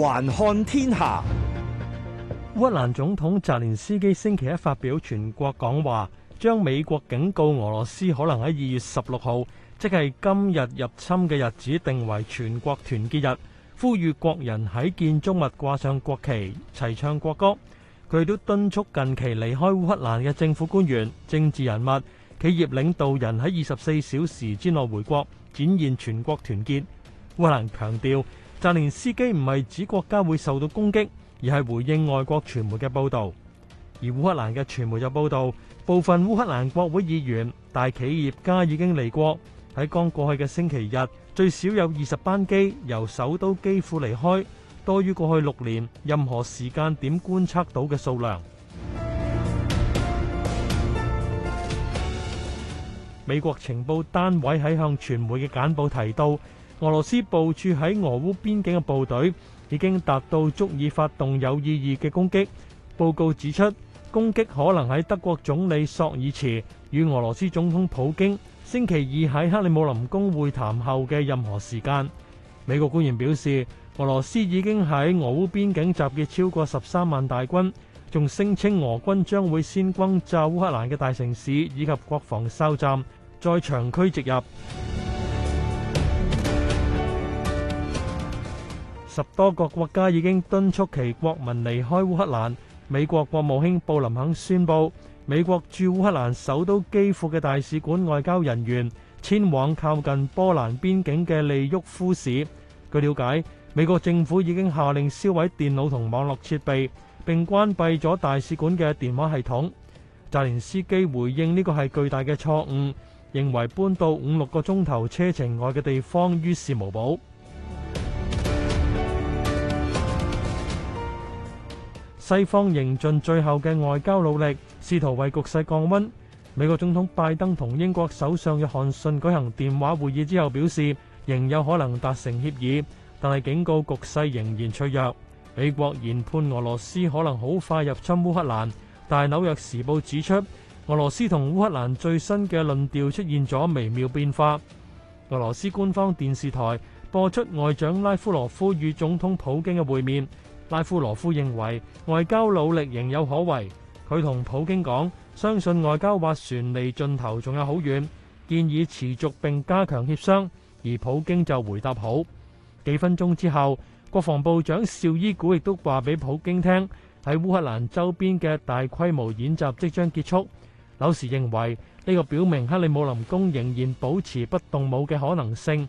環看天下，烏克蘭總統澤連斯基星期一發表全國講話，將美國警告俄羅斯可能喺二月十六號，即係今日入侵嘅日子，定為全國團結日，呼籲國人喺建築物掛上國旗，齊唱國歌。佢都敦促近期離開烏克蘭嘅政府官員、政治人物、企業領導人喺二十四小時之內回國，展現全國團結。烏克蘭強調。澤連斯基唔係指國家會受到攻擊，而係回應外國傳媒嘅報導。而烏克蘭嘅傳媒就報道，部分烏克蘭國會議員、大企業家已經離國。喺剛過去嘅星期日，最少有二十班機由首都基輔離開，多於過去六年任何時間點觀察到嘅數量。美國情報單位喺向傳媒嘅簡報提到。俄羅斯部署喺俄烏邊境嘅部隊已經達到足以發動有意義嘅攻擊。報告指出，攻擊可能喺德國總理朔爾茨與俄羅斯總統普京星期二喺克里姆林宮會談後嘅任何時間。美國官員表示，俄羅斯已經喺俄烏邊境集結超過十三萬大軍，仲聲稱俄軍將會先轟炸烏克蘭嘅大城市以及國防哨站，再長驅直入。十多個國家已經敦促其國民離開烏克蘭。美國國務卿布林肯宣布，美國駐烏克蘭首都基輔嘅大使館外交人員遷往靠近波蘭邊境嘅利沃夫市。據了解，美國政府已經下令銷毀電腦同網絡設備，並關閉咗大使館嘅電話系統。澤連斯基回應呢個係巨大嘅錯誤，認為搬到五六個鐘頭車程外嘅地方於事無補。西方仍盡最後嘅外交努力，試圖為局勢降溫。美國總統拜登同英國首相約翰遜舉行電話會議之後，表示仍有可能達成協議，但係警告局勢仍然脆弱。美國研判俄羅斯可能好快入侵烏克蘭，但係《紐約時報》指出，俄羅斯同烏克蘭最新嘅論調出現咗微妙變化。俄羅斯官方電視台播出外長拉夫羅夫與總統普京嘅會面。拉夫羅夫認為外交努力仍有可為，佢同普京講，相信外交或船離盡頭仲有好遠，建議持續並加強協商。而普京就回答好。幾分鐘之後，國防部長邵伊古亦都話俾普京聽，喺烏克蘭周邊嘅大規模演習即將結束。柳時認為呢個表明克里姆林宮仍然保持不動武嘅可能性。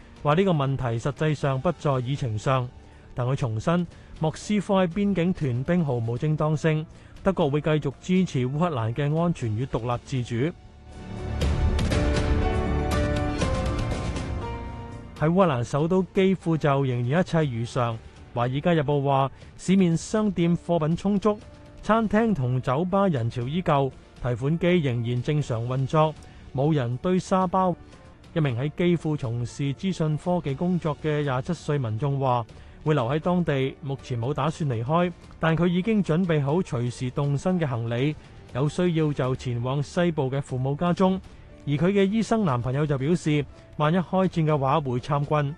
話呢個問題實際上不在議程上，但佢重申莫斯科喺邊境屯兵毫無正當性。德國會繼續支持烏克蘭嘅安全與獨立自主。喺 烏克蘭首都基輔就仍然一切如常。華爾街日報話市面商店貨品充足，餐廳同酒吧人潮依舊，提款機仍然正常運作，冇人堆沙包。一名喺基輔從事資訊科技工作嘅廿七歲民眾話：會留喺當地，目前冇打算離開，但佢已經準備好隨時動身嘅行李，有需要就前往西部嘅父母家中。而佢嘅醫生男朋友就表示：萬一開戰嘅話，會參軍。